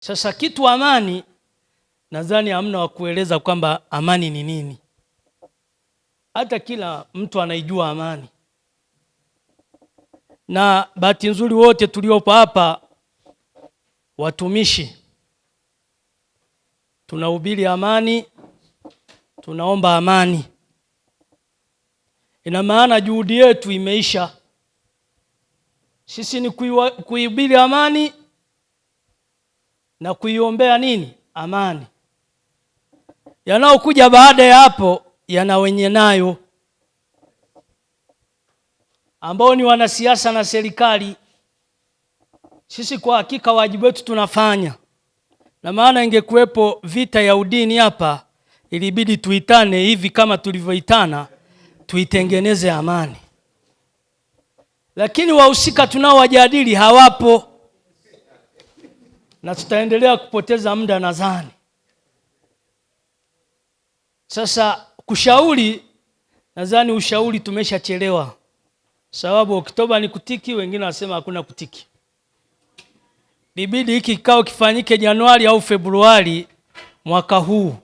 Sasa kitu amani, nadhani hamna wa kueleza kwamba amani ni nini. Hata kila mtu anaijua amani, na bahati nzuri wote tuliopo hapa watumishi tunahubiri amani, tunaomba amani. Ina maana juhudi yetu imeisha, sisi ni kuihubiri amani na kuiombea nini? Amani. Yanayokuja baada ya hapo yana wenye nayo, ambao ni wanasiasa na serikali. Sisi kwa hakika wajibu wetu tunafanya, na maana ingekuwepo vita ya udini hapa, ilibidi tuitane hivi kama tulivyoitana, tuitengeneze amani, lakini wahusika tunaowajadili hawapo na tutaendelea kupoteza muda nadhani. Sasa kushauri, nadhani ushauri tumeshachelewa, sababu Oktoba ni kutiki, wengine wanasema hakuna kutiki. Libidi hiki kikao kifanyike Januari au Februari mwaka huu,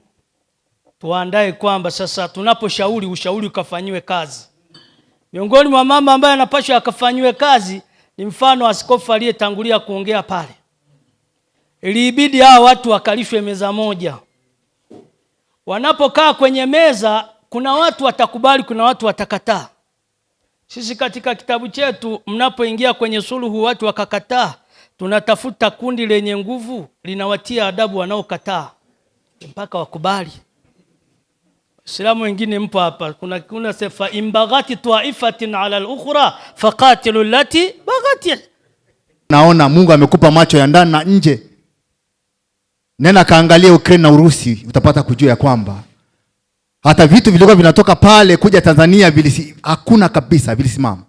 tuandae kwamba sasa tunaposhauri ushauri ukafanyiwe kazi. Miongoni mwa mama ambaye anapashwa akafanyiwe kazi ni mfano askofu aliyetangulia kuongea pale ilibidi hawa watu wakalishwe meza moja. Wanapokaa kwenye meza, kuna watu watakubali, kuna watu watakataa. Sisi katika kitabu chetu, mnapoingia kwenye suluhu watu wakakataa, tunatafuta kundi lenye nguvu linawatia adabu wanaokataa mpaka wakubali. Waislamu wengine mpo hapa, kuna kuna sefa imbaghati taifatin ala al faqatilu lati baghati. Naona Mungu amekupa macho ya ndani na nje. Nena kaangalia Ukraine na Urusi, utapata kujua ya kwamba hata vitu vilikuwa vinatoka pale kuja Tanzania vilisi, hakuna kabisa, vilisimama.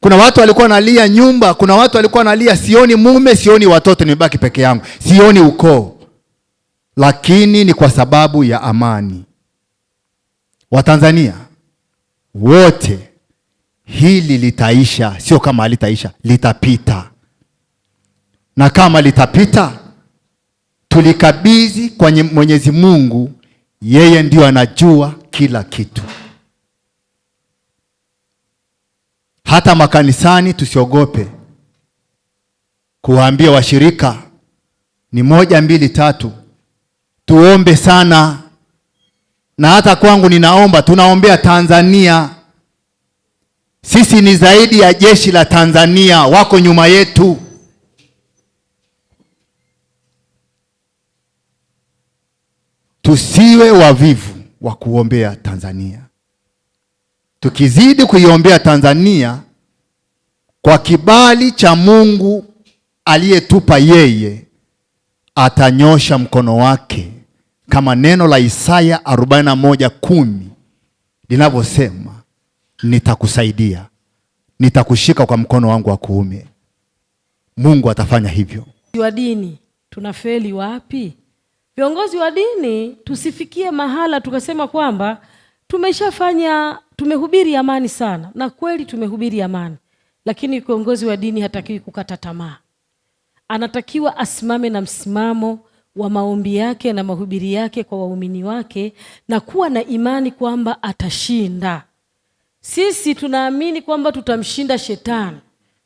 Kuna watu walikuwa wanalia nyumba, kuna watu walikuwa wanalia sioni mume, sioni watoto, nimebaki peke yangu, sioni ukoo, lakini ni kwa sababu ya amani. Watanzania wote, hili litaisha, sio kama halitaisha, litapita na kama litapita, tulikabidhi kwa Mwenyezi Mungu. Yeye ndiyo anajua kila kitu. Hata makanisani tusiogope kuwaambia washirika ni moja, mbili, tatu. Tuombe sana, na hata kwangu ninaomba, tunaombea Tanzania. Sisi ni zaidi ya jeshi la Tanzania, wako nyuma yetu. Tusiwe wavivu wa kuombea Tanzania. Tukizidi kuiombea Tanzania kwa kibali cha Mungu aliyetupa yeye, atanyosha mkono wake kama neno la Isaya 41:10 linavyosema, nitakusaidia, nitakushika kwa mkono wangu wa kuume. Mungu atafanya hivyo. Wa dini tunafeli wapi? Viongozi wa dini tusifikie mahala tukasema kwamba tumeshafanya tumehubiri amani sana, na kweli tumehubiri amani, lakini kiongozi wa dini hatakiwi kukata tamaa, anatakiwa asimame na msimamo wa maombi yake na mahubiri yake kwa waumini wake na kuwa na imani kwamba atashinda. Sisi tunaamini kwamba tutamshinda shetani,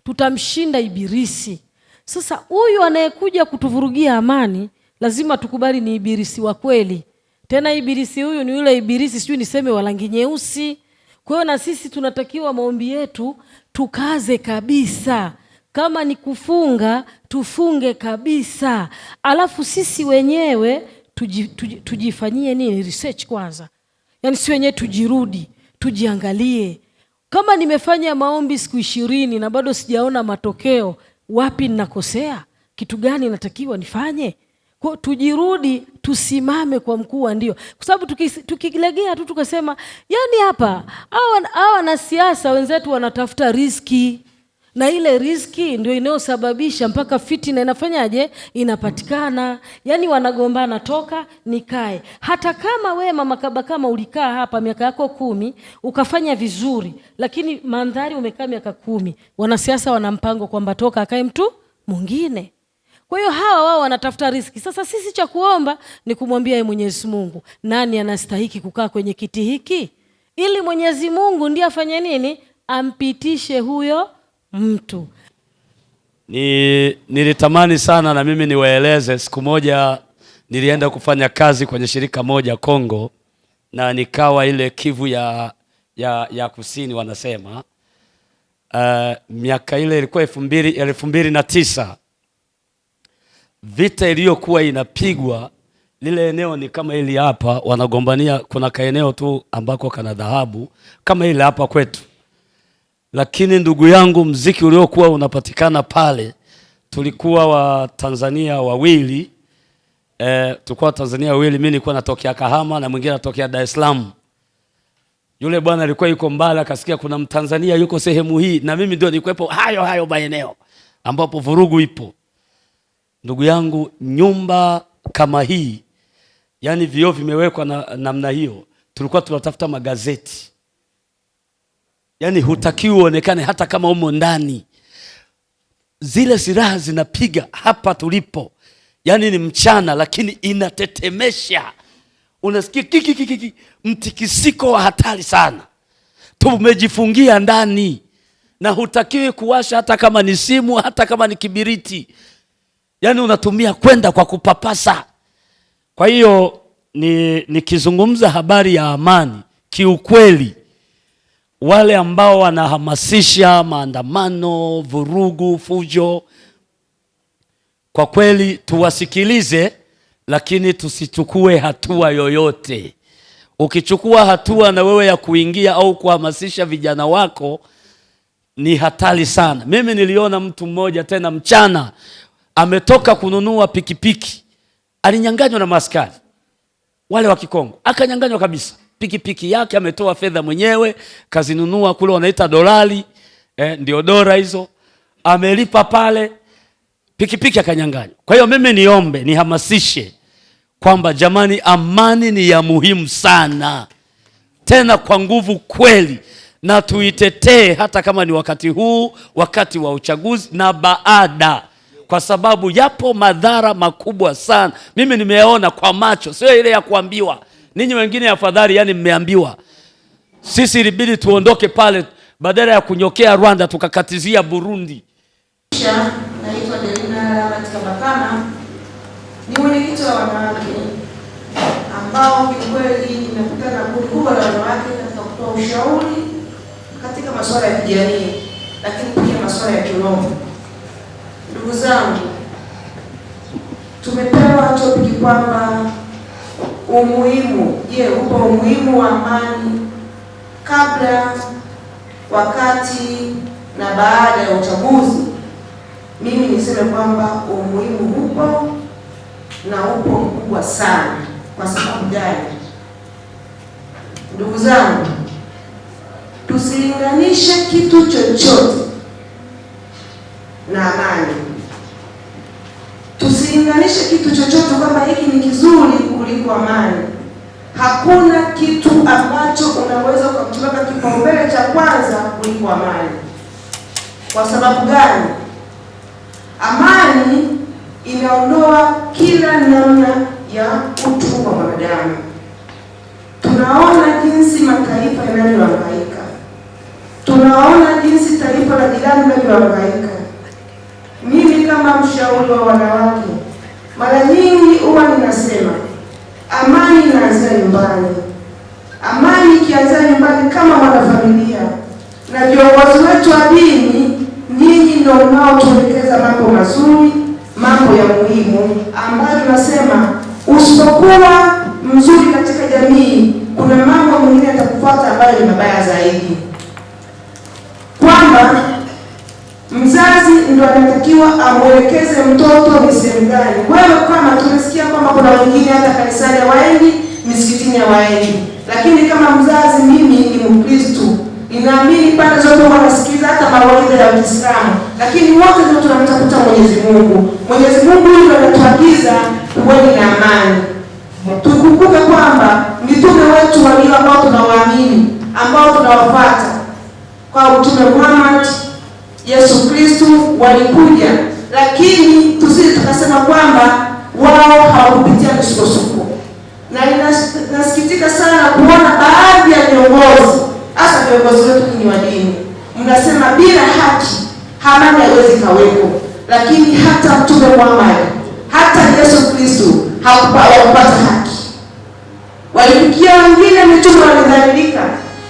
tutamshinda ibilisi. Sasa huyu anayekuja kutuvurugia amani lazima tukubali ni ibilisi wa kweli. Tena ibilisi huyu ni yule ibilisi sijui niseme wa rangi nyeusi. Kwa hiyo na sisi tunatakiwa maombi yetu tukaze kabisa, kama ni kufunga tufunge kabisa, alafu sisi wenyewe tuji, tuji, tujifanyie nini research kwanza, yaani si wenyewe tujirudi, tujiangalie kama nimefanya maombi siku ishirini na bado sijaona matokeo, wapi ninakosea? Kitu gani natakiwa nifanye? Kwa tujirudi tusimame kwa mkuu wa ndio, kwa sababu tukilegea tu tukasema, yani hapa hawa wanasiasa wenzetu wanatafuta riski, na ile riski ndio inayosababisha mpaka fitina inafanyaje, inapatikana. Yani wanagombana toka nikae. Hata kama we mama Kaba, kama ulikaa hapa miaka yako kumi ukafanya vizuri, lakini mandhari umekaa miaka kumi, wanasiasa wana mpango kwamba toka akae mtu mwingine. Kwa hiyo hawa wao wanatafuta riski Sasa sisi cha kuomba ni kumwambia yeye Mwenyezi Mungu, nani anastahiki kukaa kwenye kiti hiki, ili Mwenyezi Mungu ndiye afanye nini, ampitishe huyo mtu. Ni, nilitamani sana na mimi niwaeleze. Siku moja nilienda kufanya kazi kwenye shirika moja Kongo, na nikawa ile Kivu ya, ya, ya kusini wanasema uh, miaka ile ilikuwa elfu mbili na tisa vita iliyokuwa inapigwa lile eneo ni kama hili hapa, wanagombania. Kuna kaeneo tu ambako kana dhahabu kama ile hapa kwetu, lakini ndugu yangu, mziki uliokuwa unapatikana pale, tulikuwa Watanzania wawili e, tulikuwa Watanzania wawili. Mimi nilikuwa natokea Kahama na mwingine natokea Dar es Salaam. Yule bwana alikuwa yuko mbali, akasikia kuna Mtanzania yuko sehemu hii, na mimi ndio nilikuwepo hayo hayo maeneo ambapo vurugu ipo Ndugu yangu, nyumba kama hii, yani vioo vimewekwa na namna hiyo, tulikuwa tunatafuta magazeti. yani hutakiwi uonekane hata kama umo ndani, zile silaha zinapiga hapa tulipo, yani ni mchana, lakini inatetemesha, unasikia kikikiki, mtikisiko wa hatari sana. Tumejifungia ndani na hutakiwi kuwasha hata kama ni simu, hata kama ni kibiriti yaani unatumia kwenda kwa kupapasa. Kwa hiyo nikizungumza habari ya amani, kiukweli wale ambao wanahamasisha maandamano, vurugu, fujo, kwa kweli tuwasikilize, lakini tusichukue hatua yoyote. Ukichukua hatua na wewe ya kuingia au kuhamasisha vijana wako ni hatari sana. Mimi niliona mtu mmoja tena mchana ametoka kununua pikipiki, alinyanganywa na maskari wale wa Kikongo, akanyanganywa kabisa pikipiki yake, ametoa fedha mwenyewe kazinunua kule wanaita dolari eh, ndio dora hizo, amelipa pale pikipiki akanyanganywa. Kwa hiyo mimi niombe nihamasishe kwamba jamani, amani ni ya muhimu sana, tena kwa nguvu kweli, na tuitetee hata kama ni wakati huu, wakati wa uchaguzi na baada kwa sababu yapo madhara makubwa sana. Mimi nimeyaona kwa macho, sio ile ya kuambiwa. Ninyi wengine afadhali, yani mmeambiwa. Sisi ilibidi tuondoke pale, badala ya kunyokea Rwanda tukakatizia Burundi. Naitwa Delina katika Makama, ni mwenyekiti wa wanawake ambao kiukweli nimekutana na kundi kubwa la wanawake katika kutoa ushauri katika masuala ya kijamii, lakini pia masuala ya kiroho Ndugu zangu, tumepewa topiki kwamba umuhimu, je, upo umuhimu wa amani kabla, wakati na baada ya uchaguzi? Mimi niseme kwamba umuhimu upo na upo mkubwa sana. Kwa sababu gani? Ndugu zangu, tusilinganishe kitu chochote na amani usilinganishe kitu chochote kwamba hiki ni kizuri kuliko amani. Hakuna kitu ambacho unaweza ukamkiweka kipaumbele cha kwanza kuliko amani. Kwa sababu gani? Amani inaondoa kila namna ya utu wa mwanadamu. Tunaona jinsi mataifa yanavyohangaika, tunaona jinsi taifa la jirani linavyohangaika. Mimi kama mshauri wa wanawake mara nyingi huwa ninasema amani inaanzia nyumbani. Amani ikianzia nyumbani, kama wanafamilia na viongozi wetu wa dini, nyinyi ndio mnaotuelekeza mambo mazuri, mambo ya muhimu ambayo tunasema usipokuwa mzuri katika jamii, kuna mambo mengine yatakufuata ambayo ni mabaya zaidi, kwamba Mzazi ndo anatakiwa amwelekeze mtoto ni sehemu gani. Wewe kama tumesikia kwamba kuna wengine hata kanisani hawaendi, misikitini hawaendi, lakini kama mzazi, mimi ni Mkristo, ninaamini pande zote wanasikiliza hata mawaidha ya Uislamu, lakini wote ndio tunamtafuta Mwenyezi Mungu. Mwenyezi Mungu ndio anatuagiza kuweni na amani. Tukumbuke kwamba mitume wetu walio ambao tunawaamini ambao tunawafuata kwa Mtume Muhammad Yesu Kristu walikuja, lakini tusije tukasema kwamba wao hawakupitia misukosuko, na inasikitika sana kuona baadhi ya viongozi, hasa viongozi wetu ni wa dini, mnasema bila haki amani haiwezi kawepo, lakini hata Mtume Muhammad hata Yesu Kristu hawakupata haki. Walifikia wengine mitume walidhalilika,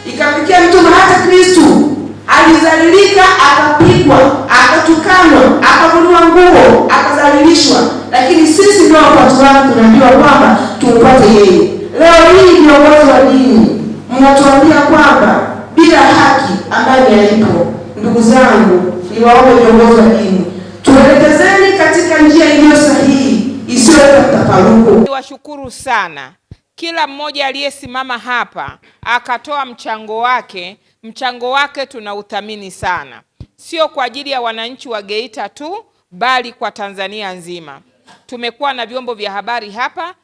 ikafikia mtume hata Kristu Alizalilika, akapigwa, akatukanwa, akavuliwa nguo, akazalilishwa, lakini sisi ndio watu wake tunajua kwamba tumpate yeye. Leo hii viongozi wa dini mnatuambia kwamba bila haki ambayo haipo. Ndugu zangu, niwaombe viongozi wa dini, tuelekezeni katika njia iliyo sahihi isiyoleta mtafaruku. Niwashukuru sana kila mmoja aliyesimama hapa akatoa mchango wake mchango wake tunauthamini sana, sio kwa ajili ya wananchi wa Geita tu, bali kwa Tanzania nzima. Tumekuwa na vyombo vya habari hapa,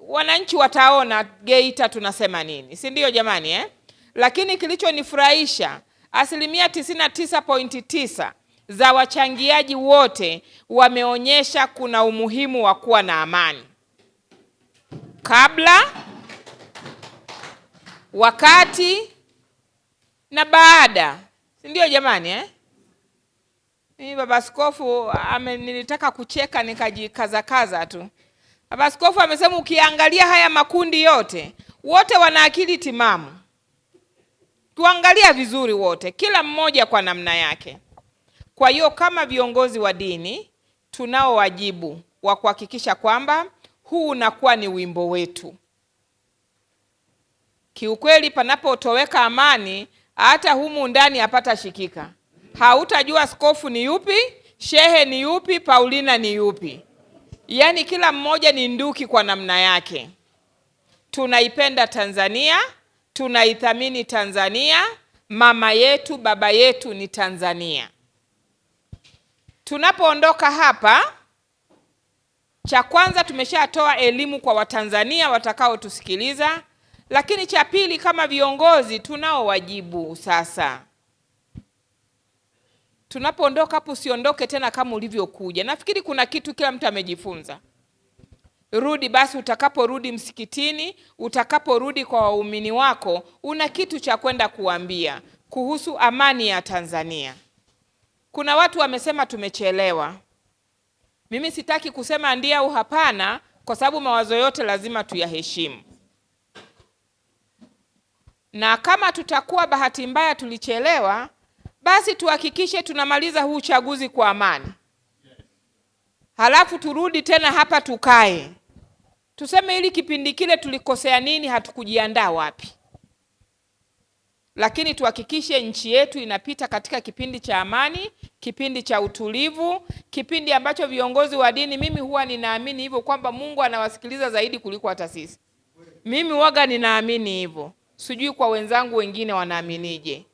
wananchi wataona Geita tunasema nini, si ndio jamani eh? Lakini kilichonifurahisha asilimia 99.9 za wachangiaji wote wameonyesha kuna umuhimu wa kuwa na amani kabla, wakati na baada, si ndio jamani eh? Mimi baba askofu nilitaka kucheka nikajikazakaza tu. Baba askofu amesema ukiangalia haya makundi yote wote wana akili timamu, tuangalia vizuri wote, kila mmoja kwa namna yake. Kwa hiyo kama viongozi wa dini tunao wajibu wa kuhakikisha kwamba huu unakuwa ni wimbo wetu. Kiukweli, panapotoweka amani hata humu ndani apata shikika. Hautajua skofu ni yupi, shehe ni yupi, Paulina ni yupi. Yaani kila mmoja ni nduki kwa namna yake. Tunaipenda Tanzania, tunaithamini Tanzania, mama yetu, baba yetu ni Tanzania. Tunapoondoka hapa, cha kwanza tumeshatoa elimu kwa Watanzania watakaotusikiliza lakini cha pili, kama viongozi tunao wajibu sasa. Tunapoondoka hapo, usiondoke tena kama ulivyokuja. Nafikiri kuna kitu kila mtu amejifunza. Rudi basi, utakaporudi msikitini, utakaporudi kwa waumini wako, una kitu cha kwenda kuambia kuhusu amani ya Tanzania. Kuna watu wamesema tumechelewa. Mimi sitaki kusema ndio au hapana, kwa sababu mawazo yote lazima tuyaheshimu na kama tutakuwa bahati mbaya tulichelewa, basi tuhakikishe tunamaliza huu uchaguzi kwa amani, halafu turudi tena hapa tukae tuseme hili kipindi kile tulikosea nini, hatukujiandaa wapi. Lakini tuhakikishe nchi yetu inapita katika kipindi cha amani, kipindi cha utulivu, kipindi ambacho viongozi wa dini, mimi huwa ninaamini hivyo kwamba Mungu anawasikiliza zaidi kuliko hata sisi. Mimi waga ninaamini hivyo sijui kwa wenzangu wengine wanaaminije.